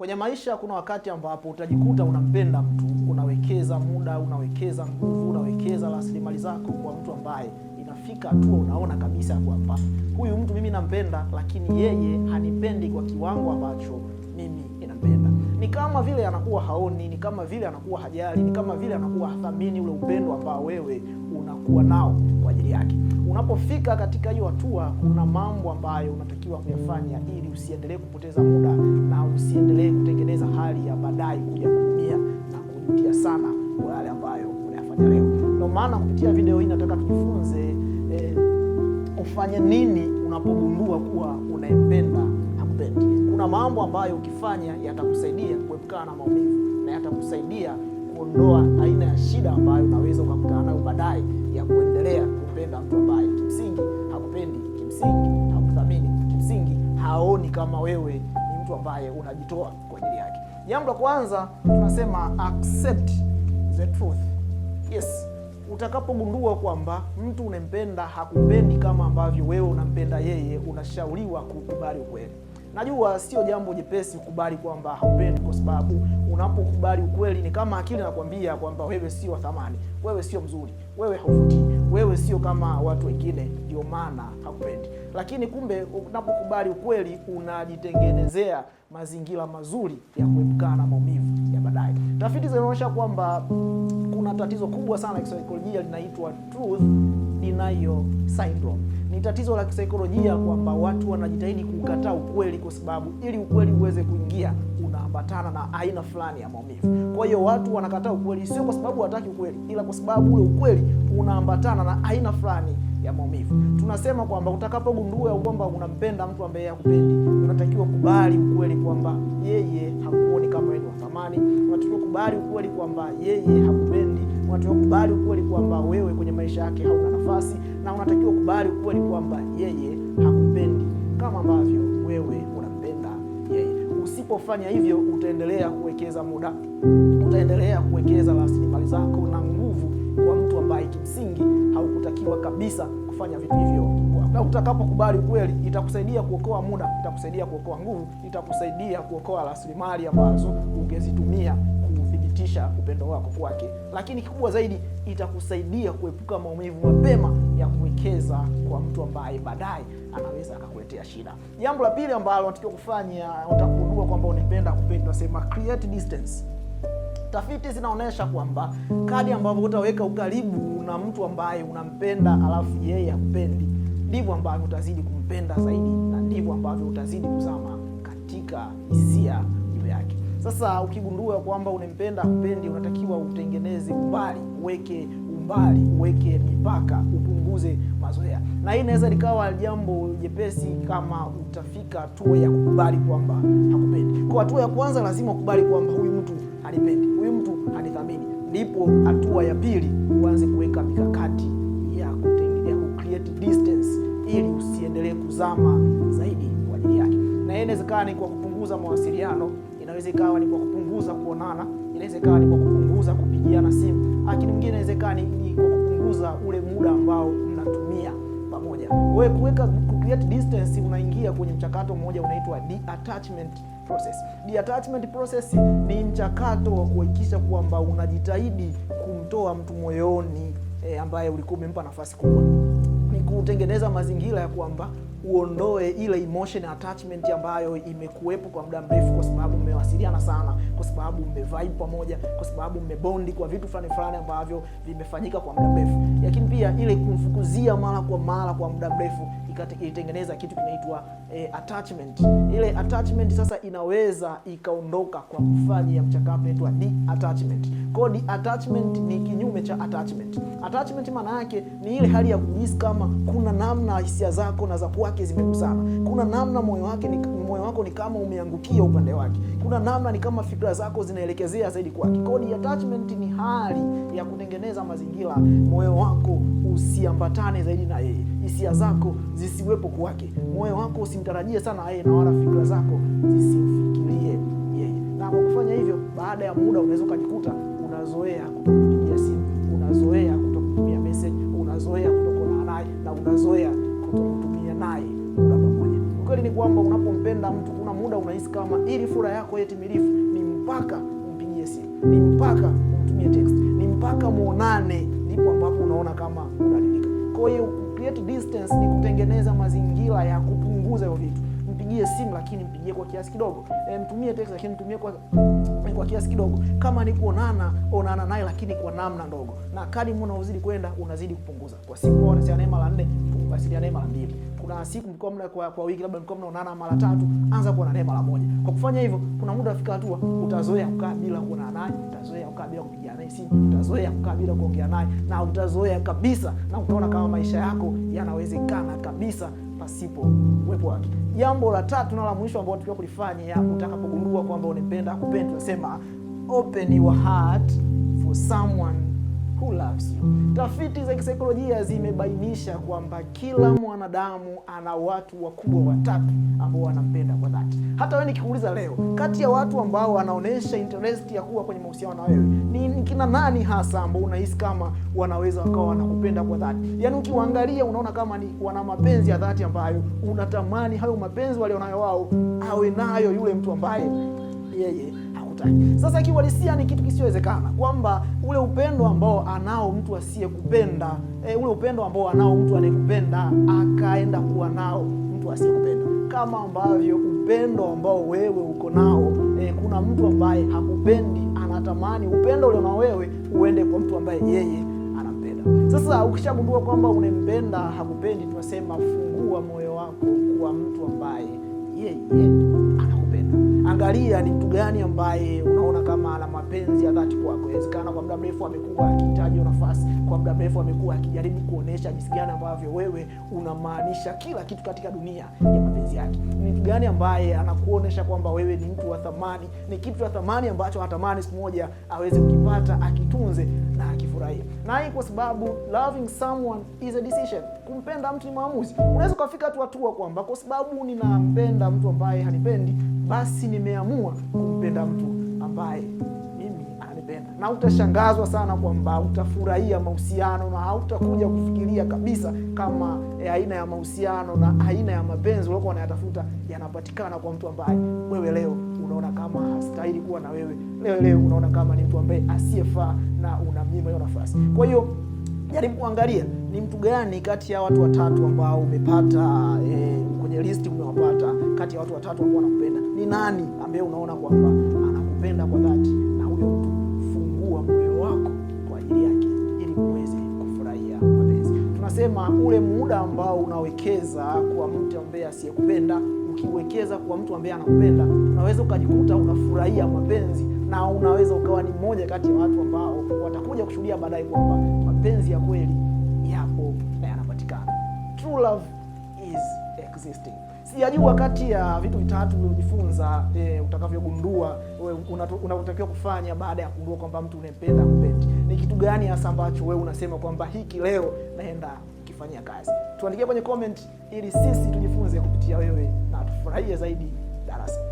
Kwenye maisha kuna wakati ambapo utajikuta unampenda mtu, unawekeza muda, unawekeza nguvu, unawekeza rasilimali zako kwa mtu ambaye inafika hatua unaona kabisa kwamba huyu mtu mimi nampenda, lakini yeye hanipendi kwa kiwango ambacho mimi inampenda. Ni kama vile anakuwa haoni, ni kama vile anakuwa hajali, ni kama vile anakuwa hathamini ule upendo ambao wewe unakuwa nao kwa ajili yake. Unapofika katika hiyo hatua, kuna mambo ambayo unatakiwa kuyafanya ili usiendelee kupoteza muda na maana kupitia video hii nataka tujifunze eh, ufanye nini unapogundua kuwa unaempenda hakupendi. Kuna mambo ambayo ukifanya yatakusaidia kuepukana na maumivu na yatakusaidia kuondoa aina ya shida ambayo unaweza ukakutana nayo baadaye ya kuendelea kumpenda mtu ambaye kimsingi hakupendi, kimsingi hakuthamini, kimsingi haoni kama wewe ni mtu ambaye unajitoa kwa ajili yake. Jambo la kwanza tunasema accept the truth. Yes. Utakapogundua kwamba mtu unempenda hakupendi kama ambavyo wewe unampenda yeye, unashauriwa kukubali ukweli. Najua sio jambo jepesi kukubali kwamba haupendi, kwa sababu unapokubali ukweli ni kama akili nakwambia kwamba wewe sio thamani, wewe sio mzuri, wewe hauvutii, wewe sio kama watu wengine, ndio maana hakupendi. Lakini kumbe unapokubali ukweli unajitengenezea mazingira mazuri ya kuepukana na maumivu ya baadaye. Tafiti zimeonyesha kwamba kuna tatizo kubwa sana la kisaikolojia linaitwa truth denial syndrome. Ni tatizo la kisaikolojia kwamba watu wanajitahidi kukataa ukweli, kwa sababu ili ukweli uweze kuingia unaambatana na aina fulani ya maumivu. Kwa hiyo watu wanakataa ukweli sio kwa sababu hataki ukweli, ila kwa sababu ule ukweli unaambatana na aina fulani ya maumivu. Tunasema kwamba utakapogundua kwamba unampenda mtu ambaye hakupendi, unatakiwa kubali ukweli kwamba yeye hakuoni kama wewe ni wa thamani. Unatakiwa kubali ukweli kwamba yeye hakupendi unatakiwa kubali ukweli kwamba wewe kwenye maisha yake hauna nafasi, na unatakiwa kubali ukweli kwamba yeye hakupendi kama ambavyo wewe unampenda yeye. Usipofanya hivyo, utaendelea kuwekeza muda, utaendelea kuwekeza rasilimali zako na nguvu kwa mtu ambaye kimsingi haukutakiwa kabisa kufanya vitu hivyo. Na utakapokubali ukweli, itakusaidia kuokoa muda, itakusaidia kuokoa nguvu, itakusaidia kuokoa rasilimali ambazo ungezitumia kuthibitisha upendo wako kwake, lakini kikubwa zaidi itakusaidia kuepuka maumivu mapema ya kuwekeza kwa mtu ambaye baadaye anaweza akakuletea shida. Jambo la pili ambalo unatakiwa kufanya utagundua kwamba unapenda kupendwa, sema create distance. Tafiti zinaonyesha kwamba kadi ambavyo utaweka ukaribu na mtu ambaye unampenda alafu yeye akupendi, ndivyo ambavyo utazidi kumpenda zaidi na ndivyo ambavyo utazidi kuzama katika hisia juu yake. Sasa ukigundua kwamba unampenda mpendi, unatakiwa utengeneze umbali, uweke umbali, uweke mipaka, upunguze mazoea, na hii inaweza likawa jambo jepesi kama utafika hatua ya kukubali kwamba hakupendi. Kwa hatua ya kwanza lazima ukubali kwamba huyu mtu hanipendi, huyu mtu hanithamini. Ndipo hatua ya pili uanze kuweka mikakati ya kutengeneza, ku create distance, ili usiendelee kuzama zaidi kwa ajili yake, na inawezekana kwa kupunguza mawasiliano, inaweza ikawa ni kwa kupunguza kuonana, inaweza ikawa ni kwa kupunguza kupigiana simu, lakini mwingine inaweza ikawa ni kwa kupunguza ule muda ambao mnatumia pamoja. hiyo kuweka create distance, unaingia kwenye mchakato mmoja unaitwa deattachment process. Deattachment process ni mchakato wa kuhakikisha kwamba unajitahidi kumtoa mtu moyoni, e, ambaye ulikuwa umempa nafasi kubwa, ni kutengeneza mazingira ya kwamba uondoe ile emotion attachment ambayo imekuwepo kwa muda mrefu, kwa sababu mmewasiliana sana, kwa sababu mmevibe pamoja, kwa sababu mmebondi kwa vitu fulani fulani ambavyo vimefanyika kwa muda mrefu, lakini pia ile kumfukuzia mara kwa mara kwa muda mrefu ilitengeneza kitu kinaitwa e, attachment. Ile attachment sasa inaweza ikaondoka kwa kufanya mchakato wa deattachment. Kwa deattachment ni kinyume cha attachment. Attachment maana yake ni ile hali ya kujisikia kama kuna namna hisia zako na za kwake zimegusana, kuna namna moyo wake ni wako ni kama umeangukia upande wake, kuna namna ni kama fikra zako zinaelekezea zaidi kwake. Kwa hiyo ni hali ya kutengeneza mazingira, moyo wako usiambatane zaidi na yeye, hisia zako zisiwepo kwake, moyo wako usimtarajie sana yeye, na wala fikra zako zisimfikirie yeye. Na kwa kufanya hivyo, baada ya muda unaweza ukajikuta unazoea kupigia simu kuna muda unahisi kama ili furaha yako iwe timilifu ni mpaka umpigie simu, ni mpaka umtumie text, ni mpaka muonane, ndipo ambapo unaona kama unabadilika. Kwa hiyo create distance ni kutengeneza mazingira ya kupunguza hiyo vitu. Mpigie simu lakini mpigie kwa kiasi kidogo. E, mtumie text lakini mtumie kwa eh, kwa kiasi kidogo. Kama ni kuonana, onana naye lakini kwa namna ndogo. Na kadri mnaozidi kwenda unazidi kupunguza. Kwa siku wanasema neema la nne kuwasiliana naye mara mbili. Kuna siku mlikuwa mna kwa, kwa wiki labda mlikuwa mnaonana mara tatu, anza kuonana naye mara moja. Kwa kufanya hivyo, kuna muda afika hatua utazoea kukaa bila kuona naye, utazoea kukaa bila kupigia naye simu, utazoea kukaa bila kuongea naye na utazoea kabisa, na utaona kama maisha yako yanawezekana kabisa pasipo uwepo wake. Jambo la tatu na la mwisho ambao tukiwa kulifanya ya utakapogundua kwamba unampenda, hakupenda, unasema open your heart for someone Tafiti za kisaikolojia zimebainisha kwamba kila mwanadamu ana watu wakubwa watatu ambao wanampenda kwa dhati. Hata wewe nikikuuliza leo, kati ya watu ambao wanaonyesha interest ya kuwa kwenye mahusiano na wewe ni kina nani hasa ambao unahisi kama wanaweza wakawa wanakupenda kwa dhati? Yaani ukiwaangalia unaona kama ni wana mapenzi ya dhati ambayo unatamani hayo mapenzi walionayo wao awe nayo yule mtu ambaye yeye yeah, yeah hawakutaki. Sasa kiuhalisia ni kitu kisichowezekana kwamba ule upendo ambao anao mtu asiyekupenda e, ule upendo ambao anao mtu anayekupenda akaenda kuwa nao mtu asiyekupenda, kama ambavyo upendo ambao wewe uko nao e, kuna mtu ambaye hakupendi anatamani upendo ulionao wewe uende kwa mtu ambaye yeye anampenda. Sasa ukishagundua kwamba unempenda hakupendi, tunasema fungua moyo wako kwa mtu ambaye yeye anakupenda. Angalia ni mtu gani ambaye unaona kama ana mapenzi ya dhati kwako. Inawezekana kwa muda mrefu amekuwa akihitaji nafasi, kwa muda mrefu amekuwa akijaribu kuonesha jinsi gani ambavyo wewe unamaanisha kila kitu katika dunia ya mapenzi yake. Ni mtu gani ambaye anakuonesha kwamba wewe ni mtu wa thamani, ni kitu cha thamani ambacho anatamani siku moja aweze kukipata, akitunze na akifurahia Na hii kwa sababu loving someone is a decision. Kumpenda mtu ni maamuzi. Unaweza ukafika tu hatua kwamba kwa sababu ninampenda mtu ambaye hanipendi basi nimeamua kumpenda mtu ambaye mimi anipenda. Na utashangazwa sana kwamba utafurahia mahusiano na hautakuja kufikiria kabisa kama e, aina ya mahusiano na aina ya mapenzi uliokuwa unayatafuta yanapatikana kwa mtu ambaye wewe leo unaona kama hastahili kuwa na wewe, leo leo unaona kama ni mtu ambaye asiyefaa na unamnyima hiyo nafasi, kwa hiyo jaribu yaani kuangalia ni mtu gani kati ya watu watatu ambao umepata e, kwenye listi umewapata, kati ya watu watatu ambao wanakupenda ni nani ambaye unaona kwamba anakupenda kwa dhati, na huyo mtu fungua moyo wako kwa ajili yake ili uweze kufurahia mapenzi. Tunasema ule muda ambao unawekeza kwa mtu ambaye asiyekupenda, ukiwekeza kwa mtu ambaye anakupenda, unaweza ukajikuta unafurahia mapenzi na unaweza ukawa ni mmoja kati ya watu ambao watakuja kushuhudia baadaye kwamba mapenzi ya kweli yapo na yanapatikana. True love is existing. Sijajua kati ya vitu vitatu ulivyojifunza e, utakavyogundua unatakiwa kufanya baada ya kugundua kwamba mtu unempenda mpenzi ni kitu gani hasa ambacho wewe unasema kwamba hiki leo naenda kifanyia kazi? Tuandikie kwenye comment ili sisi tujifunze kupitia wewe na tufurahie zaidi darasa.